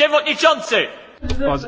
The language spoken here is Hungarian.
Przewodniczący! Az